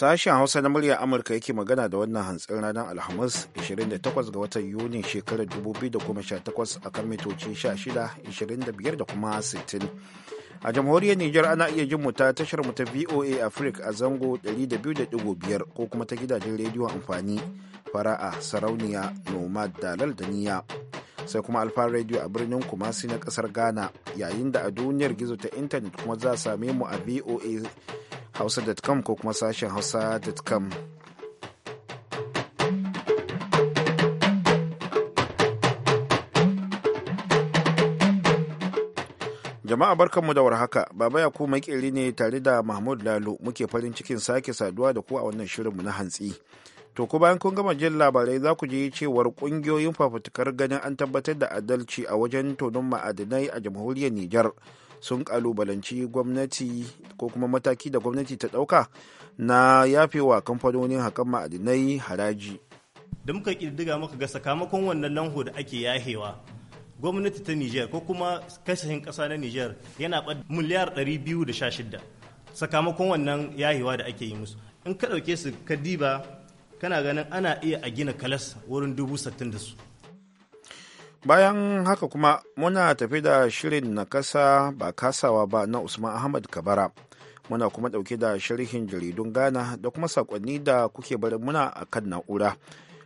Sashen Hausa na muryar Amurka yake magana da wannan hantsin ranar Alhamis 28 ga watan yuni shekarar 2018 kan mitoci 16, da kuma 60. A jamhuriyar Nijar ana iya jin mu ta tashar mu ta VOA Africa a zango 200.5 ko kuma ta gidajen rediyo amfani fara'a sarauniya nomad dalal da niya sai kuma alfa radio a birnin kumasi na kasar ghana yayin da a duniyar gizo ta intanet kuma za a same mu a voa hausa.com ko kuma sashen hausa.com jama'a barkan mu da warhaka baba yakubu makeri ne tare da mahmud lalo muke farin cikin sake saduwa da ku a wannan shirinmu na hantsi to ku bayan kun gama jin labarai za ku je cewar ƙungiyoyin fafutukar ganin an tabbatar da adalci a wajen tonon ma'adinai a jamhuriyar nijar sun kalubalanci gwamnati ko kuma mataki da gwamnati ta ɗauka na yafewa kamfanonin hakan ma'adinai haraji da muka kirdiga muka ga sakamakon wannan lanho da ake yahewa gwamnati ta niger ko kuma kasashen kasa na niger yana miliyar 216 sakamakon wannan yahewa da ake yi musu in ka ɗauke su ka diba kana ganin ana iya a gina kalas wurin dubu sattin da su bayan haka kuma muna tafi da shirin na kasa ba kasawa ba na usman ahmad kabara muna kuma dauke da sharhin jaridun ghana da kuma sakonni da kuke bari muna a kan na'ura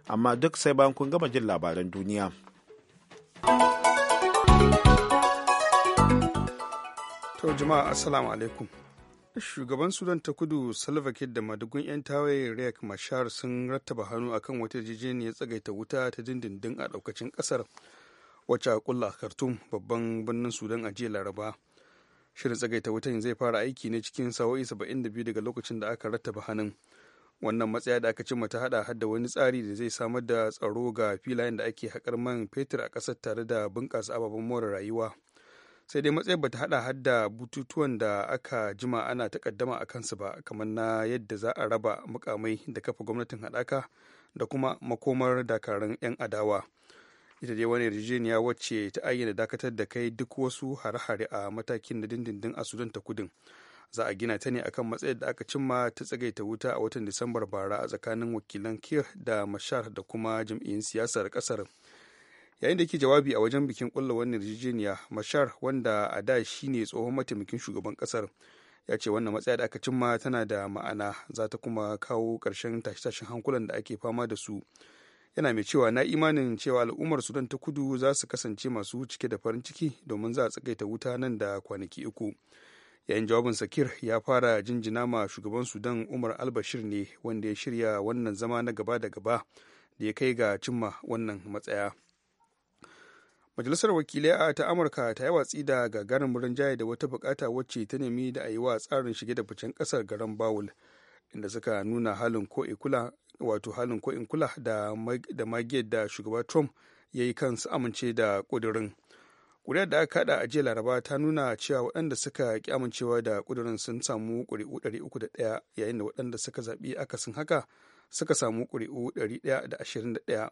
amma duk sai bayan kun gama jin labaran duniya to jama'a assalamu alaikum shugaban sudan ta kudu salva da madugun 'yan tawaye riek mashar sun rattaba hannu akan wata jijiyar ya tsagaita wuta ta dindindin a daukacin kasar wacce a kulla khartoum babban birnin sudan a jiya laraba shirin tsagaita wutan zai fara aiki ne cikin sa'o'i 72 daga lokacin da aka rattaba hannun wannan matsaya da aka cimma ta hada hadda wani tsari da zai samar da tsaro ga filayen da ake haƙar man fetur a ƙasar tare da bunƙasa ababen more rayuwa sai dai matsayar bata hada hadda bututuwan da aka jima ana takaddama a kansu ba kamar na yadda za a raba mukamai da kafa gwamnatin haɗaka da kuma makomar dakarun 'yan adawa ita dai wani yarjejeniya wacce ta ayyana dakatar da kai duk wasu hare-hare a matakin na dindindin a sudan ta kudin za a gina ta ne akan matsayar da aka cimma ta tsagaita wuta a watan disambar bara a tsakanin wakilan kir da mashar da kuma jam'iyyun siyasar kasar yayin da ke jawabi a wajen bikin kulla wannan yarjejeniya mashar wanda a da shi ne tsohon mataimakin shugaban kasar ya ce wannan matsaya da aka cimma tana da ma'ana za ta kuma kawo ƙarshen tashe-tashen hankulan da ake fama da su yana mai cewa na imanin cewa al'ummar sudan ta kudu za su kasance masu cike da farin ciki domin za a tsakaita wuta nan da kwanaki uku yayin jawabin sakir ya fara jinjina ma shugaban sudan umar albashir ne wanda ya shirya wannan zama na gaba da gaba da ya kai ga cimma wannan matsaya majalisar wakilai a ta amurka ta yi watsi da murin rinjaye da wata bukata wacce ta nemi da a yi wa tsarin shige da ficen kasar garan bawul inda suka nuna halin ko wato halin ko'in kula da magiyar da shugaba trump ya yi su amince da ƙudurin ƙuri'ar da aka kada a jiya laraba ta nuna cewa waɗanda suka ki amincewa da ƙudurin sun samu ƙuri'u 301 yayin da waɗanda suka zaɓi akasin haka suka samu ƙuri'u 121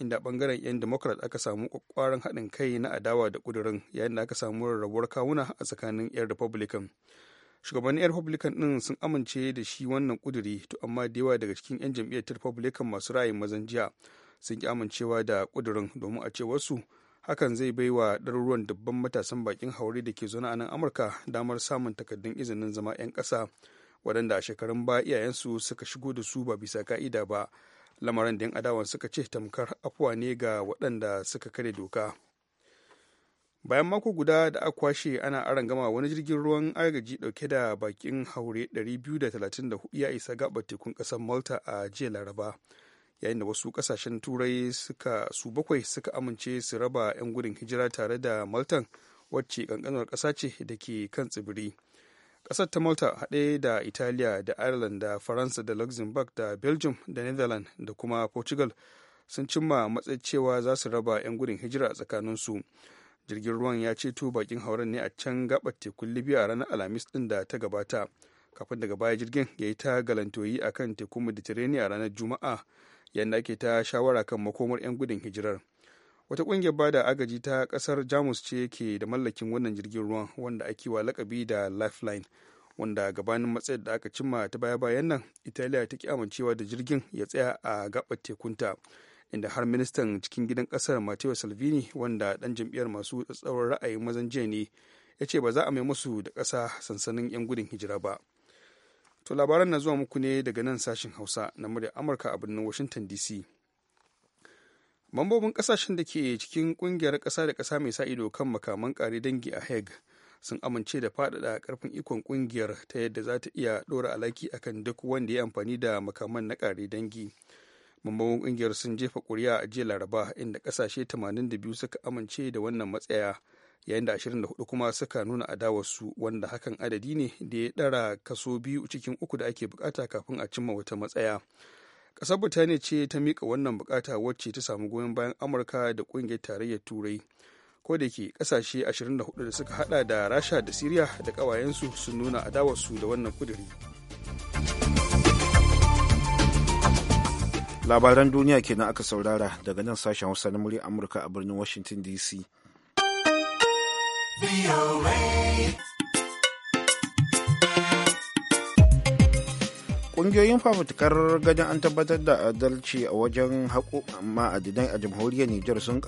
inda ɓangaren 'yan democrat aka samu ƙwaƙwaran haɗin kai na adawa da ƙudurin yayin da aka samu rarrabuwar kawuna a tsakanin 'yan republican shugabannin republican din sun amince da shi wannan kuduri to amma da yawa daga cikin 'yan jam'iyyar republican masu ra'ayin mazan jiya sun ki amincewa da kudurin domin a ce wasu hakan zai bai wa ɗaruruwan dubban matasan bakin haure da ke zaune a nan amurka damar samun takardun izinin zama 'yan ƙasa waɗanda a shekarun ba iyayensu suka shigo da su ba bisa ka'ida ba lamarin da 'yan adawan suka ce tamkar afuwa ne ga waɗanda suka kare doka. bayan mako guda da aka kwashe ana aran gama wani jirgin ruwan agaji dauke da bakin haure 234 ya isa gabar tekun kasar malta a jiya laraba yayin da wasu kasashen turai suka su bakwai suka amince su raba 'yan gudun hijira tare da malta wacce kankanar kasa ce da ke kan tsibiri kasar ta malta haɗe da italiya da ireland da faransa da luxembourg da belgium da netherland da kuma portugal sun cimma matsayin cewa za su raba 'yan gudun hijira tsakaninsu jirgin ruwan ya ceto bakin hauren ne a can gabar tekun libya a ranar alhamis din da ta gabata kafin daga baya jirgin ya yi ta galantoyi a kan tekun mediterranean a ranar juma'a yadda ake ta shawara kan makomar 'yan gudun hijirar wata kungiyar bada agaji ta kasar jamus ce ke da mallakin wannan jirgin ruwan wanda ake wa lakabi da lifeline wanda gabanin matsayar da aka cimma ta baya-bayan nan italiya ta ki amincewa da jirgin ya tsaya a gabar tekunta inda har ministan cikin gidan kasar matteo salvini wanda dan jam'iyyar masu tsatsauran ra'ayin mazan jiya ne ya ce ba za a mai musu da ƙasa sansanin 'yan gudun hijira ba to labaran na zuwa muku ne daga nan sashin hausa na murya amurka a birnin washington dc mambobin kasashen da ke cikin kungiyar ƙasa da ƙasa mai sa ido kan makaman ƙare dangi a hague sun amince da faɗaɗa ƙarfin ikon ƙungiyar ta yadda za ta iya ɗora alaki akan duk wanda ya amfani da makaman na ƙare dangi mambobin kungiyar sun jefa kuri'a a jiya laraba inda kasashe 82 suka amince da wannan matsaya yayin da 24 kuma suka nuna adawarsu wanda hakan adadi ne da ya dara kaso biyu cikin uku da ake bukata kafin a cimma wata matsaya ƙasar birtaniya ce ta miƙa wannan bukata wacce ta samu goyon bayan amurka da ƙungiyar tarayyar turai ko da ke ƙasashe 24 da suka hada da rasha da siriya da ƙawayensu sun nuna adawarsu da wannan kuduri labaran duniya kenan aka saurara daga nan sashen hausa na murya amurka a birnin washington dc ƙungiyoyin fafutukar gadon an tabbatar da adalci a wajen haƙo ma'adinai a jamhuriyar Nijar sun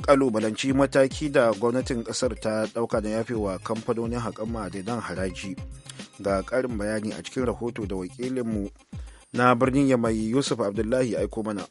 kalubalanci mataki da gwamnatin ƙasar ta ɗauka da yafewa kamfanonin haƙan ma'adinan haraji ga ƙarin bayani a cikin rahoto da wakilinmu na birnin yamai yusuf abdullahi aiko mana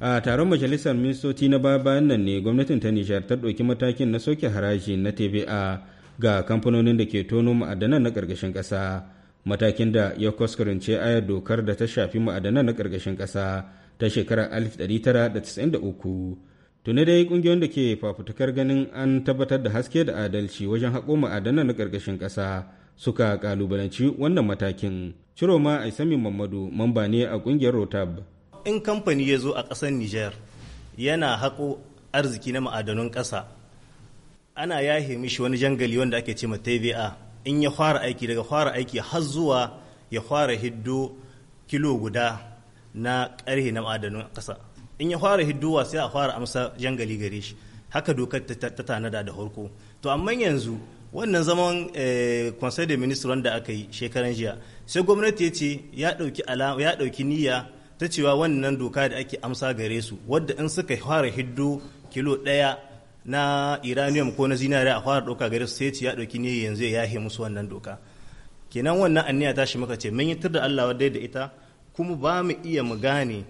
a taron majalisar ministoci na baya-bayan nan ne gwamnatin ta nishar ta ɗauki matakin na soke haraji na tba ga kamfanonin da ke tono ma'adanan na ƙarƙashin ƙasa matakin da ya kuskurance ayar dokar da ta shafi ma'adanan na ƙarƙashin ƙasa ta shekarar 1993 tuni dai kungiyoyin da ke fafutukar ganin an tabbatar da haske da adalci wajen haƙo ma'adanan na ƙarƙashin ƙasa suka kalubalanci wannan matakin ciroma aisami mamadu mamba ne a kungiyar rotab in kamfani ya zo a ƙasar niger yana haƙo arziki na ma'adanun ƙasa ana yahe mishi wani jangali wanda ake ce ma tva in ya fara aiki daga fara aiki har zuwa ya fara hiddo kilo guda na ƙarhe na ma'adanun ƙasa in ya fara hiddowa sai a fara amsa jangali gare shi haka dokar ta tanada da harko to amma yanzu wannan zaman eh, conseil de ministre wanda aka yi shekaran jiya sai gwamnati ya ce ya dauki niyya ta cewa wannan doka da ake amsa gare su wadda in suka fara hiddo kilo daya na iranium ko na zinari a fara doka gare su sai ce ya dauki niyya yanzu ya yahe musu wannan doka kenan wannan anniya tashi muka ce mun yi da Allah wadda da ita kuma ba mu iya mu gane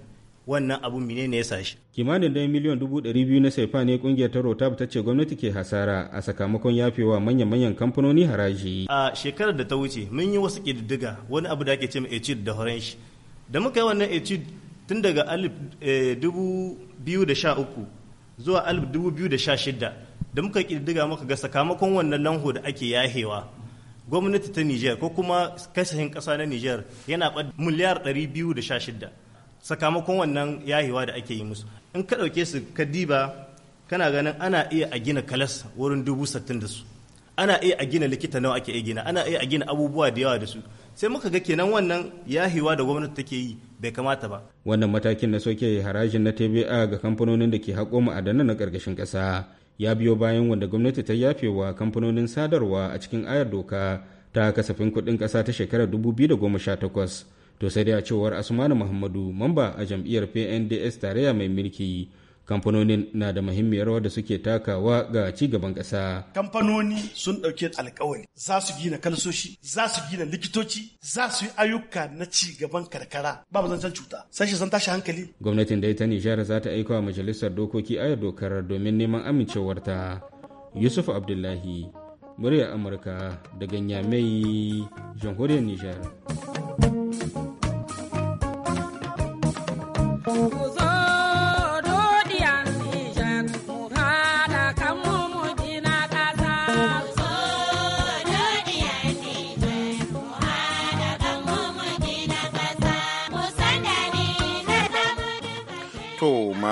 wannan abun mine ne ya sashi. kimanin dai miliyan dubu ɗari biyu na saifa ne kungiyar ta rota ta ce gwamnati ke hasara a sakamakon yafewa manyan-manyan kamfanoni haraji. a shekarar da ta wuce mun yi wasu ƙididdiga wani abu da ake ce etude da horenshi da muka yi wannan etude tun daga alif eh, dubu biyu da sha uku zuwa alif dubu biyu da sha shida da muka ƙididdiga muka ga sakamakon wannan lanho da ake yahewa gwamnati ta Nijar ko kuma kasashen ƙasa na Nijar yana miliyar ɗari biyu da sha shida. sakamakon wannan yahiwa da ake yi musu in ka ɗauke su ka diba kana ganin ana iya a gina kalas wurin dubu sattin da su ana iya a gina likita nawa ake iya gina ana iya a gina abubuwa da yawa da su sai muka ga kenan wannan yahiwa da gwamnati take yi bai kamata ba wannan matakin na soke harajin na tba ga kamfanonin da ke haƙo ma'adanan na ƙarƙashin ƙasa ya biyo bayan wanda gwamnati ta yafe wa kamfanonin sadarwa a cikin ayar doka ta kasafin kuɗin ƙasa ta shekarar 2018 to sai dai cewar asmanu muhammadu mamba a jam'iyyar pnds tarayya mai mulki kamfanonin na da muhimmiyar da suke takawa ga ci gaban ƙasa. Kamfanoni sun ɗauki alkawari za su gina kalsoshi, za su gina likitoci, za su yi ayyuka na ci gaban karkara ba mu zancen cuta. Sashi san tashi hankali. Gwamnatin da ta Nijar za ta aika wa majalisar dokoki aya dokar domin neman amincewar ta Yusuf Abdullahi, murya Amurka daga Nyamai, jamhuriyar Nijar.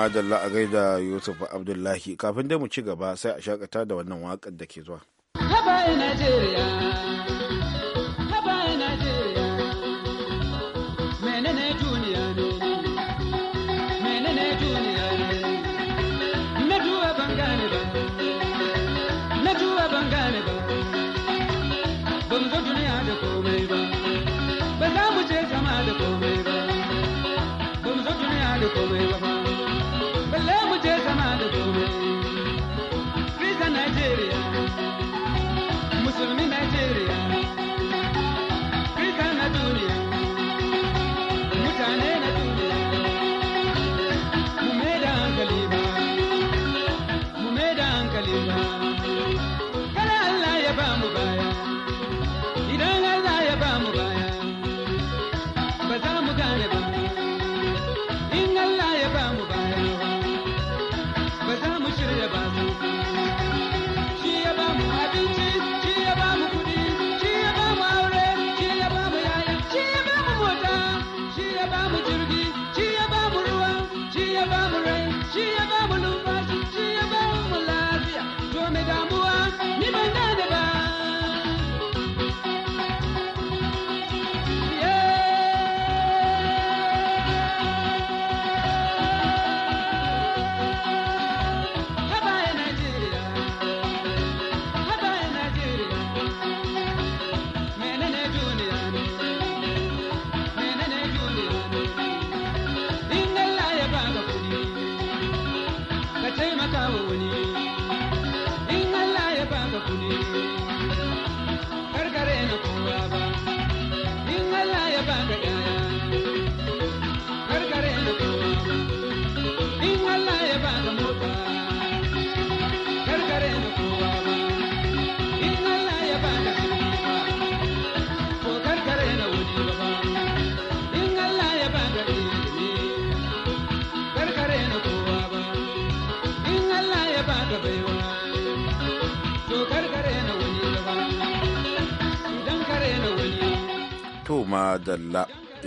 madalla a gaida yusuf abdullahi kafin dai mu ci gaba sai a shakata da wannan waƙar da ke zuwa. Haba Najeriya.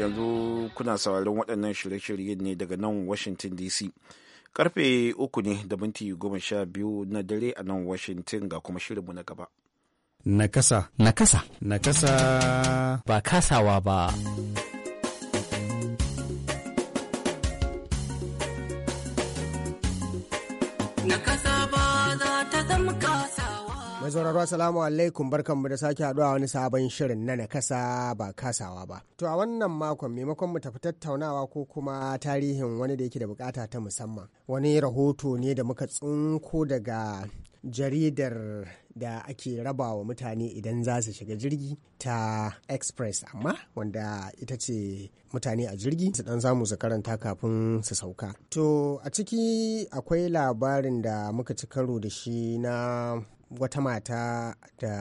yanzu kuna sauraron waɗannan shirye-shirye ne daga nan washington dc karfe uku ne da minti goma sha biyu na dare a nan washington ga kuma shirinmu na gaba nakasa nakasa nakasa ba kasawa ba nakasa Mai sauraro Assalamu alaikum barkanmu da sake haɗuwa wani sabon shirin na nakasa ba kasawa ba. To a wannan makon maimakon mu tafi tattaunawa ko kuma tarihin wani da yake da bukata ta musamman. Wani rahoto ne da muka tsinko daga jaridar da ake raba wa mutane idan za su shiga jirgi ta express amma wanda ita ce mutane a jirgi su dan samu su karanta kafin su sauka to a ciki akwai labarin da muka ci karo da shi na wata mata da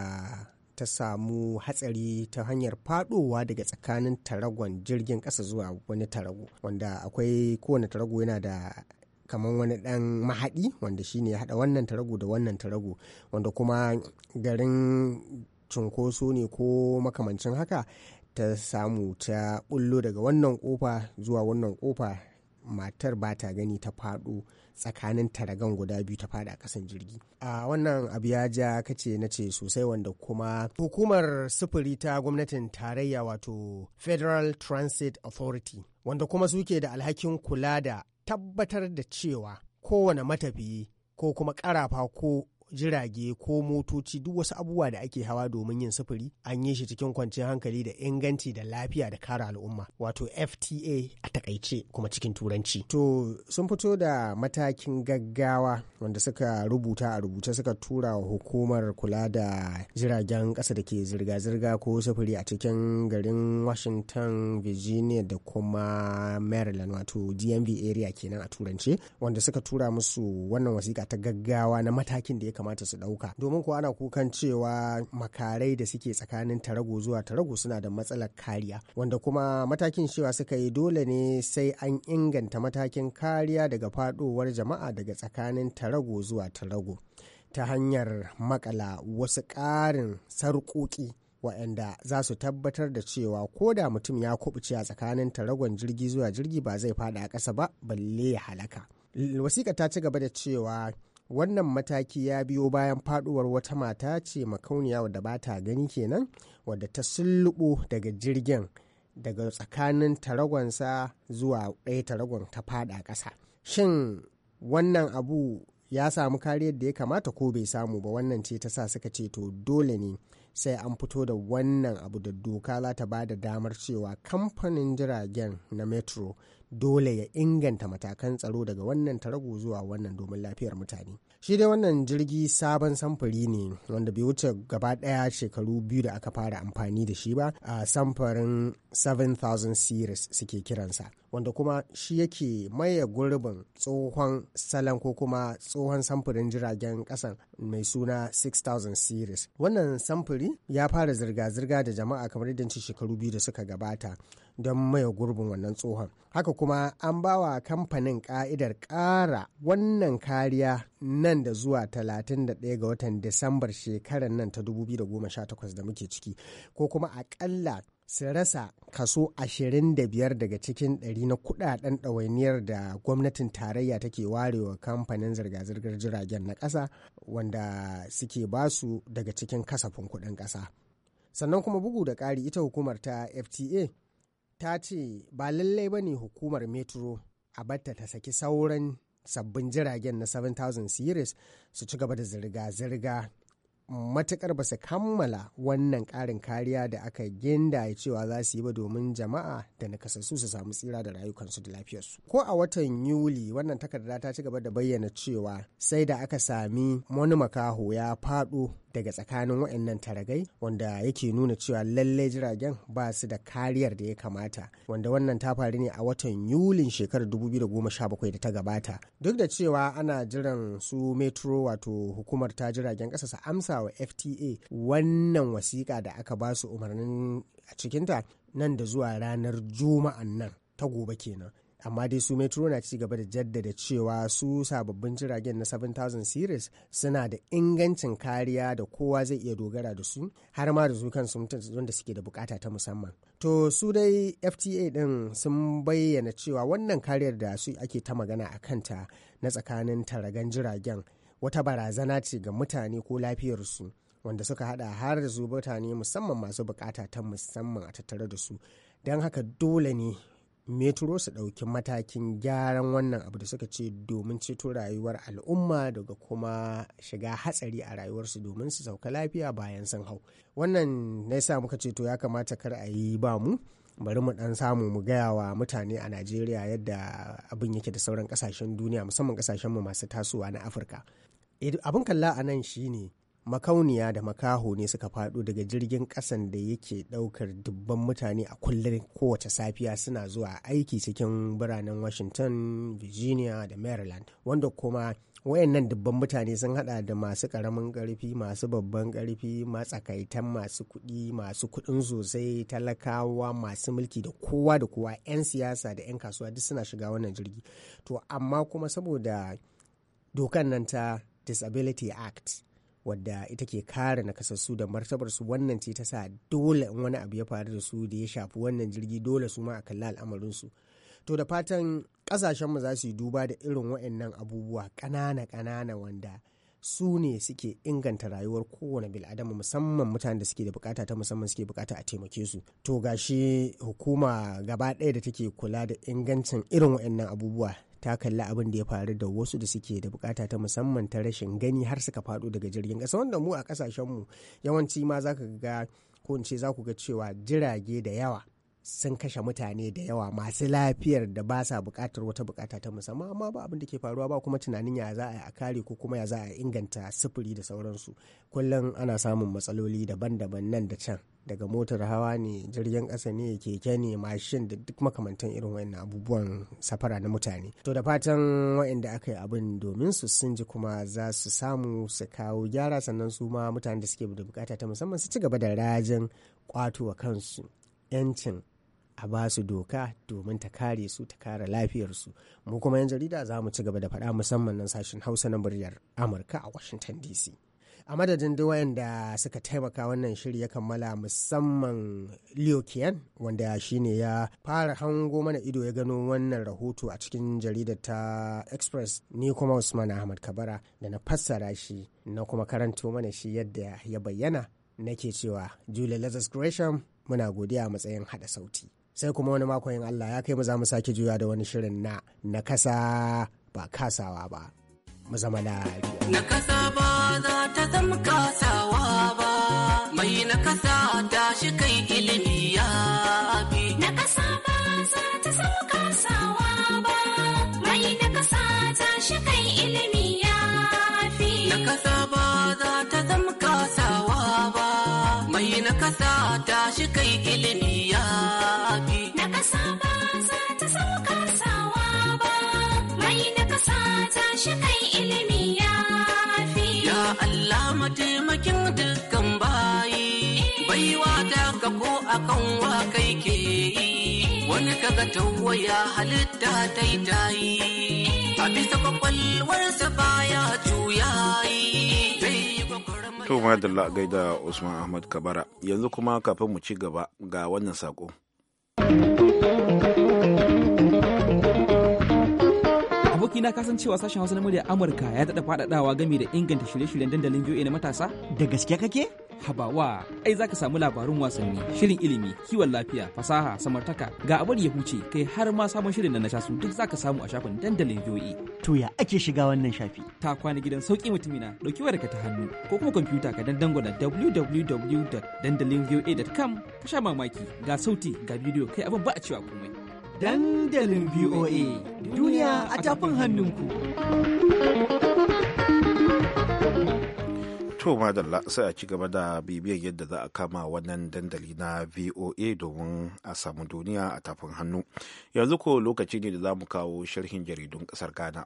ta samu hatsari ta hanyar fadowa daga tsakanin taragon jirgin ƙasa zuwa wani tarago wanda akwai kowane tarago yana da kamar wani ɗan mahaɗi wanda shine ya haɗa wannan tarago da wannan tarago wanda kuma garin cunkoso ne ko makamancin haka ta samu ta bullo daga wannan kofa zuwa wannan kofa matar ba ta gani ta faɗo tsakanin taragan guda biyu ta fada kasan jirgi a wannan abu ya ja kace na ce sosai wanda kuma hukumar sufuri ta gwamnatin tarayya wato federal transit authority wanda kuma suke da alhakin kula da tabbatar da cewa kowane matafiyi ko kuma karafa ko jirage ko motoci duk wasu abubuwa da ake hawa domin yin sufuri an yi shi cikin kwanciyar hankali da inganci da lafiya da kare al'umma wato fta a takaice kuma cikin turanci to sun fito da matakin gaggawa wanda suka rubuta a rubuce suka tura wa hukumar kula da jiragen ƙasa da ke zirga-zirga ko sufuri a cikin garin washington virginia da kuma maryland wato dmv area kenan a turance wanda suka tura musu wannan wasiƙa ta gaggawa na matakin da ya kamata su ɗauka domin kuwa ana kukan cewa makarai da suke tsakanin tarago zuwa tarago suna da matsalar kariya wanda kuma matakin cewa suka yi dole ne sai an inganta matakin kariya daga faɗowar jama'a daga tsakanin tarago zuwa tarago ta hanyar makala wasu ƙarin sarƙoƙi waɗanda za su tabbatar da cewa ko da mutum ya kubuce a tsakanin taragon jirgi zuwa jirgi ba zai fada a ƙasa ba balle ya halaka. wasiƙa ta ci gaba da cewa wannan mataki ya biyo bayan faduwar wata mata ce makauniya wadda ba ta gani kenan wadda ta sulluɓo daga jirgin daga tsakanin taragonsa zuwa ɗaya taragon ta fada ƙasa shin wannan abu ya samu kariyar da ya kamata ko bai samu ba wannan ce ta sa suka ce to dole ne sai an fito da wannan abu da doka za ta ba da damar cewa kamfanin jiragen na metro dole ya inganta matakan tsaro daga wannan tarago zuwa wannan domin lafiyar mutane shi dai wannan jirgi sabon samfuri ne wanda bai wuce gaba daya shekaru biyu da aka fara amfani da shi ba a samfurin 7000 series suke kiransa wanda kuma shi yake maye gurbin tsohon salon ko kuma tsohon samfurin jiragen kasan mai suna 6000 series wannan samfuri ya fara zirga-zirga da jama'a kamar yadda shekaru biyu da suka gabata don maye gurbin wannan tsohon haka kuma an ba wa kamfanin ka'idar ƙara wannan kariya nan da zuwa 31 ga watan disambar shekarar nan ta 2018 da muke ciki ko kuma akalla su rasa kaso 25 daga cikin 100 na kudaden ɗawainiyar da gwamnatin tarayya take warewa kamfanin zirga-zirgar jiragen na ƙasa wanda suke basu daga cikin kasafin kuɗin ƙasa sannan kuma bugu da ƙari ita hukumar ta fta ta ce ba lallai ba ne hukumar metro a batta ta saki sauran sabbin jiragen na 7000 series su ci gaba da zirga-zirga matukar ba su kammala wannan ƙarin kariya da aka ginda cewa za su yi ba domin jama'a da nakasassu su samu tsira da rayukansu da lafiyarsu. Ko a watan Yuli wannan takarda ta ci gaba da bayyana cewa sai da aka sami wani makaho ya faɗo daga tsakanin waɗannan taragai wanda yake nuna cewa lallai jiragen ba su da kariyar da ya kamata wanda wannan ta faru ne a watan yulin shekarar 2017 da ta gabata duk da cewa ana jiran su metro wato hukumar ta jiragen ƙasa su amsa wa fta wannan wasiƙa da aka ba su umarnin a cikinta nan da zuwa ranar juma'an nan ta gobe kenan amma dai su metro na ci gaba da jaddada cewa su sababbin jiragen na 7000 series suna da ingancin kariya da kowa zai iya dogara da su har ma da su kansu wanda suke da bukata ta musamman to su dai fta din sun bayyana cewa wannan kariyar da su ake ta magana a kanta na tsakanin taragan jiragen wata barazana ce ga mutane ko lafiyarsu wanda suka hada har da su mutane musamman masu bukata ta musamman a tattare da su don haka dole ne metro su ɗauki matakin gyaran wannan abu da suka ce domin ceto rayuwar al'umma daga kuma shiga hatsari a rayuwarsu domin su sauka lafiya bayan sun hau wannan na sa muka ce to ya kamata kar a yi ba mu bari mu dan samu mu gaya wa mutane a najeriya yadda abin yake da sauran kasashen duniya musamman kasashen mu masu tasowa na afirka abin kalla a nan shine makauniya da makaho ne suka faɗo daga jirgin kasan da yake ɗaukar dubban mutane a kullum kowace safiya suna zuwa aiki cikin biranen washington virginia da maryland wanda kuma wayannan dubban mutane sun hada da masu karamin karfi masu babban karfi matsakaitan masu kudi masu kudin sosai talakawa masu mulki da kowa da kowa 'yan siyasa da 'yan kasuwa duk suna shiga wannan jirgi to amma kuma saboda dokan nan ta disability act wadda ita ke kare nakasassu da martabarsu wannan ce ta sa dole in wani abu ya faru da su da ya shafi wannan jirgi dole su ma a kalla al'amarin su to da fatan kasashen mu za su yi duba da irin wa'annan abubuwa ƙanana ƙanana wanda su ne suke inganta rayuwar kowane bil'adama musamman mutanen da suke da bukata ta musamman suke bukata a taimake su to gashi hukuma gaba ɗaya da take kula da ingancin irin wa'annan abubuwa ta kalli abin da ya faru da wasu da suke da bukata ta musamman ta rashin gani har suka faɗo daga jirgin ƙasa wanda mu a mu yawanci ma za ka ga ko in ce za ku ga cewa jirage da yawa sun kashe mutane da yawa masu lafiyar da ba sa buƙatar wata bukata ta musamman amma ba abin da ke faruwa ba kuma tunanin ya za a yi a kare ko kuma ya za a inganta sufuri da sauransu kullum ana samun matsaloli daban-daban nan da can daga motar hawa ne jirgin ƙasa ne keke ne mashin da duk makamantan irin wayan abubuwan safara na mutane to da fatan wayanda aka yi abin domin su sun ji kuma za su samu su kawo gyara sannan su ma mutanen da suke da bukata ta musamman su ci gaba da rajin kwato wa kansu 'yancin a ba su doka domin ta kare su ta kare lafiyarsu mu kuma yan jarida za mu ci gaba da faɗa musamman nan sashen hausa na muryar amurka a washington dc a madadin da wayanda suka taimaka wannan shiri ya kammala musamman leo kian wanda shine ya fara hango mana ido ya gano wannan rahoto a cikin jarida ta express ni kuma usman ahmad kabara da na fassara shi na kuma karanto mana shi yadda ya bayyana nake cewa julia lazarus gresham muna godiya a matsayin haɗa sauti sai kuma wani makon yin Allah ya kai mu za mu sake juya da wani shirin na na kasa ba kasawa ba mu zama lafiya na kasa ba za ta zama kasawa ba mai na kasa ta shi kai ilimi ya bi na kasa ba za ta zama kasawa ba mai na kasa ta shi kai ilimi ya fi na kasa ba matasa tashi kai ilimi ya fi. Na kasa ba za ta sauka sawa ba, mai na tashi kai ilimi ya fi. Ya Allah mataimakin dukkan bayi, eh. baiwa da ko akan wa kai ke yi. Eh. Wani kaga tawaya halitta ta yi ta eh. yi, a bisa kwakwalwarsa baya juya yi. To madalla gaida Usman Ahmad Kabara yanzu kuma kafin mu ci gaba ga wannan sako. abokina kasan cewa sashen hausa na murya amurka ya daɗa faɗaɗawa gami da inganta shirye-shiryen dandalin voa na matasa da gaske kake habawa ai zaka samu labarun wasanni shirin ilimi kiwon lafiya fasaha samartaka ga abar ya huce kai har ma samun shirin da na su duk zaka samu a shafin dandalin VOA e. to ya ake shiga wannan shafi ta kwana gidan sauki mutumina dauki wayarka ta hannu ko kuma kwamfuta ka dangwala www.dandalinvoa.com ka sha mamaki ga sauti ga bidiyo kai abin ba a cewa komai dandalin VOA e, duniya a tafin hannunku To madalla sai a ci gaba da bibiyar yadda za a kama wannan dandali na VOA domin a samu duniya a tafin hannu. Yanzu ko lokaci ne da za mu kawo sharhin jaridun kasar Ghana.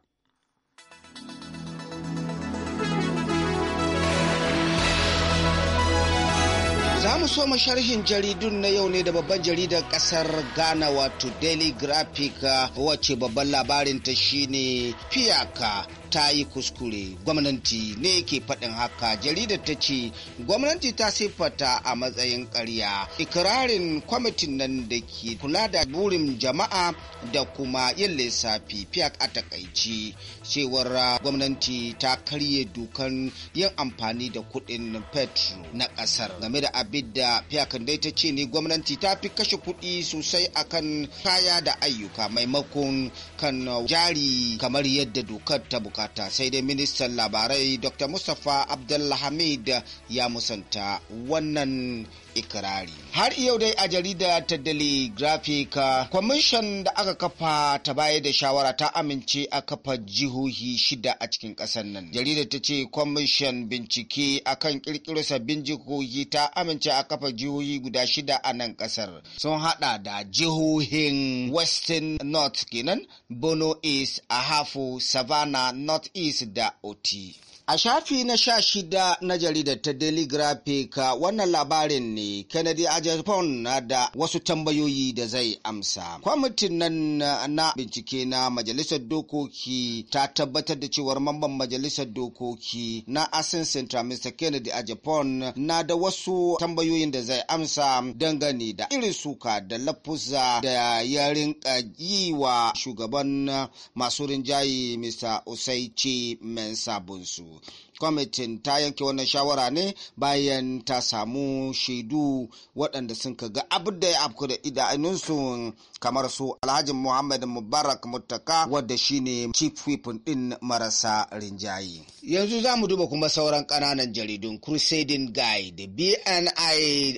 Za mu so sharhin jaridun na yau ne da babban jaridar kasar Ghana wato Daily Graphic wacce babban labarinta shine fiyaka ta yi kuskure gwamnati ne ke faɗin haka jaridar ta ce gwamnati ta siffata a matsayin ƙarya ikirarin kwamitin nan da ke kula da burin jama'a da kuma yin lissafi fiyak a takaici cewar ah, gwamnati ta karye dukan yin amfani da kuɗin petro na ƙasar game da abin da fiyakan dai ta ce ne gwamnati ta fi kashe kuɗi sosai akan kaya da ayyuka maimakon kan jari kamar yadda dokar ta buƙata fata sai dai ministan labarai dr mustapha abdulhamid ya musanta wannan ikirari. Har yau dai a jarida ta Daily Graphic, uh, kwamishin da aka kafa ta baya da shawara ta amince a kafa jihohi shida a cikin ƙasar nan. Jarida ta ce kwamishin bincike akan kirkiro sabbin jihohi ta amince a kafa jihohi guda shida a nan ƙasar. Sun haɗa da jihohin Western North kenan, Bono East, Ahafo, Savannah, North East da Oti. A shafi na sha shida na jaridar ta Daily Graphic wannan labarin ne Kennedy a Japan na da wasu tambayoyi da zai amsa. Kwamitin nan na bincike na Majalisar Dokoki ta tabbatar da cewar mamban Majalisar Dokoki na Asin Center Mr. Kennedy a Japan na da wasu tambayoyin da zai amsa dangane da irin suka da lafuza da ya rinka yi wa shugaban masu rinjaye Mr. Osaichi Mensabunsu. kwamitin ta yanke wannan shawara ne bayan ta samu shaidu waɗanda sun ga abin da ya afku da idanunsu kamar su alhaji muhammad mubarak mutaka wadda shine chief whip din marasa rinjaye yanzu za mu duba kuma sauran ƙananan jaridun crusading guide bni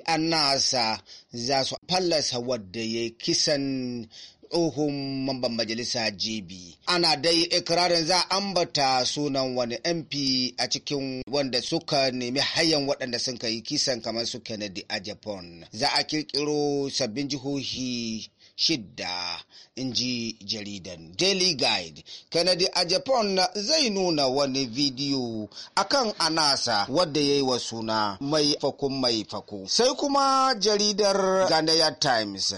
annasa za su fallasa wadda ya kisan tsohon mamban majalisa jibi ana dai ikirarin za a ambata sunan wani mp a cikin wanda suka nemi hayan waɗanda sun kai kisan kamar su kennedy a japan za a kirkiro sabbin jihohi shidda in ji jaridan daily guide kennedy a japan zai nuna wani bidiyo akan anasa wadda ya yi wa suna mai fako mai faku sai kuma jaridar ghanaian times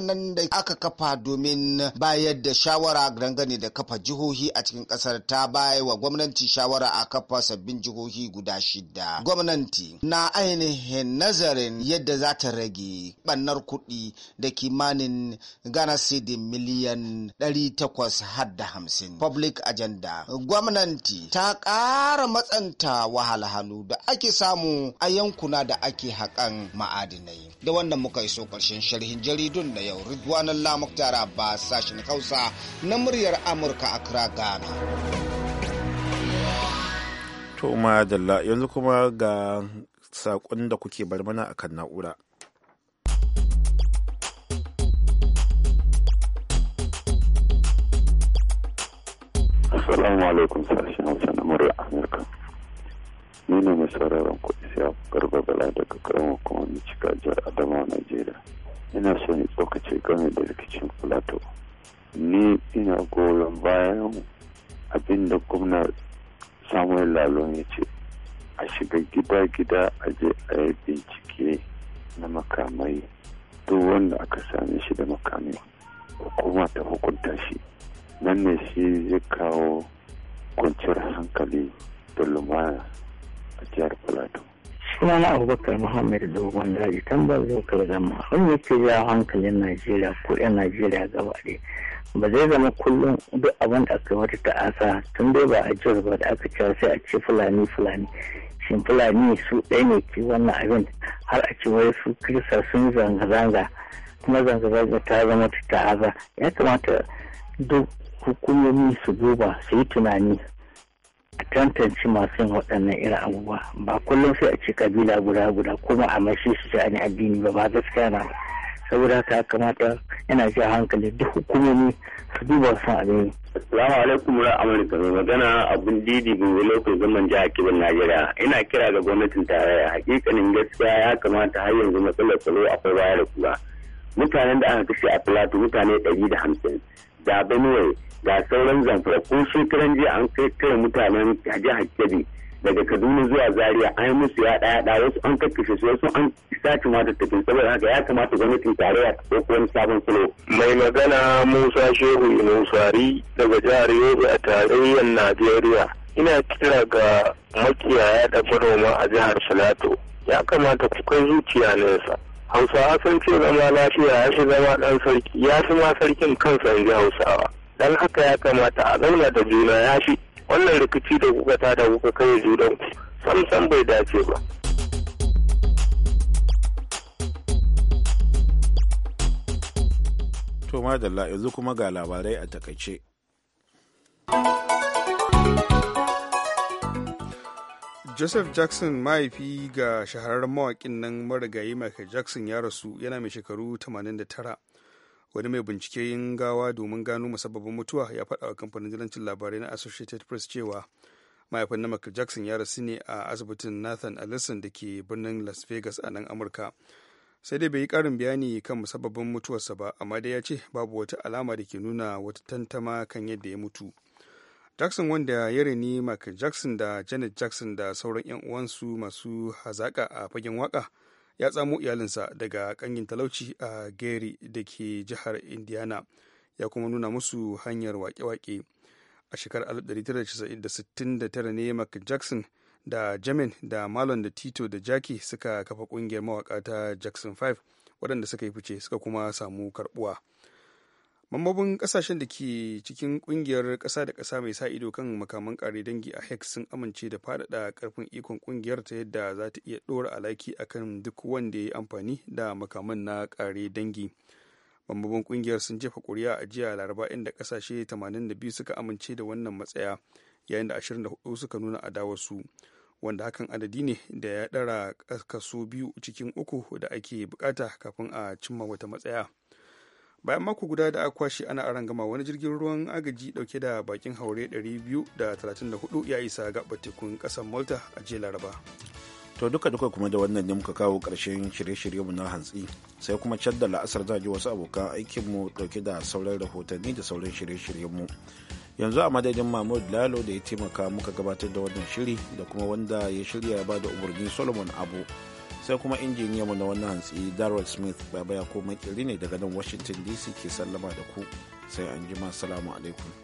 nan da aka kafa domin bayar da shawara dangane da kafa jihohi a cikin kasar ta baya wa gwamnati shawara a kafa sabbin jihohi guda shida gwamnati na ainihin nazarin yadda za ta rage bannar kuɗi da kimanin ghana cedi miliyan ɗari har da hamsin public agenda gwamnati ta ƙara matsanta wahalhalu da ake samu a yankuna da ake haƙan ma'adinai da wannan muka yi so ƙarshen sharhin jaridun na yau ridwanan lamuk ba sashen hausa na muryar amurka accra ghana to yanzu kuma ga saƙon da kuke bar mana akan na'ura Assalamu alaikum sashen Hausa na murya Amurka. Ni ne mai sauraron kuɗi sai garba bala daga karamar kuma cika jihar Adamawa Najeriya. Ina so ni tsokace game da rikicin Plateau. Ni ina goyon bayan abin da gwamna Samuel lalo ya ce a shiga gida-gida a je a yi bincike na makamai duk wanda aka same shi da makami hukuma ta hukunta shi nan ne shi zai kawo kwanciyar hankali da lumana a jihar plateau sunana abubakar muhammad dogon daji tambar zokar zama wani yake ya hankalin najeriya ko yan najeriya gaba ɗaya ba zai zama kullum duk abin da aka wata ta'asa tun dai ba a jihar ba da aka cewa sai a ce fulani fulani shin fulani su ɗaya ne ke wannan abin har a ce wai su kirista sun zanga-zanga kuma zanga-zanga ta zama ta'asa ya kamata duk hukumomi su duba su yi tunani a tantance masu yin waɗannan irin abubuwa ba kullum sai a ce kabila guda guda kuma a mashi shi ce ani addini ba ba gaskiya na saboda haka kamata yana ja hankali duk hukumomi su duba su abin Assalamu alaikum wa Amurka mai magana abun didi bin lokacin zaman jihar Kebbi Najeriya ina kira ga gwamnatin tarayya hakikanin gaskiya ya kamata har yanzu matsalar tsaro akwai baya da kula mutanen da aka kashe a Plateau mutane ɗari da hamsin da Benue ga sauran zamfara ko shekaran jiya an kai kai mutanen jihar kebbi daga kaduna zuwa zaria an yi musu yaɗa yaɗa wasu an kakkashe su wasu an sace ma tattafin saboda haka ya kamata gwamnatin tarayya ta ɗauko wani sabon kulo mai magana musa shehu inusari daga jihar yobe a tarayyar najeriya ina kira ga makiyaya da manoma a jihar salatu ya kamata ku kai zuciya nesa hausawa sun ce zama lafiya ya fi zama ɗan sarki ya fi ma sarkin kansa in ji hausawa dan haka ya kamata a zauna da juna ya fi wannan rikici da kuka ta da kuka kai junan sam sam bai dace ba to madalla yanzu kuma ga labarai a takaice joseph jackson mahaifi ga shahararren mawaƙin nan marigayi michael jackson ya rasu yana mai shekaru 89 wani mai binciken gawa domin gano musabbabin mutuwa ya faɗa wa kamfanin dalancin labarai na associated press cewa mahaifin na michael jackson ya rasu ne a asibitin nathan allison da ke birnin las vegas a nan amurka sai dai bai yi ƙarin bayani kan musabbabin mutuwarsa ba amma dai ya ce babu wata alama da ke nuna wata tantama kan yadda ya mutu jackson wanda ya reni michael jackson da janet jackson da sauran 'yan uwansu masu hazaka a fagen waka ya tsamo iyalinsa daga kanyin talauci a gary da ke jihar indiana ya kuma nuna musu hanyar wake-wake a shekarar 1969 ne mark jackson da jamin da malon da tito da jackie suka kafa kungiyar mawaka ta jackson 5 waɗanda suka yi fice suka kuma samu karɓuwa. mambobin kasashen da ke cikin kungiyar kasa da kasa mai sa ido kan makaman kare dangi a hex sun amince da faɗaɗa karfin ikon kungiyar ta yadda za ta iya ɗora alaki akan duk wanda ya yi amfani da makaman na kare dangi mambobin kungiyar sun jefa kuri'a a jiya laraba inda kasashe 82 suka amince da wannan matsaya yayin da 24 suka nuna adawarsu wanda hakan adadi ne da ya ɗara kaso biyu cikin uku da ake bukata kafin a cimma wata matsaya bayan mako guda da aka kwashe ana gama wani jirgin ruwan agaji dauke da bakin haure 234 ya isa gaɓar tekun kasar malta a jiya laraba to duka duka kuma da wannan ne muka kawo karshen shirye-shiryenmu na hantsi sai kuma cadda la'asar za ji wasu abokan aikinmu dauke da sauran rahotanni da sauran shirye-shiryenmu yanzu a madadin mahmud lalo da ya taimaka muka gabatar da wannan shiri da kuma wanda ya shirya ya ba da umarni solomon abu sai kuma injiniya mu na wannan hantsi darrell smith baba ya ko makiri ne daga nan washington dc ke sallama da ku sai an jima salamu alaikum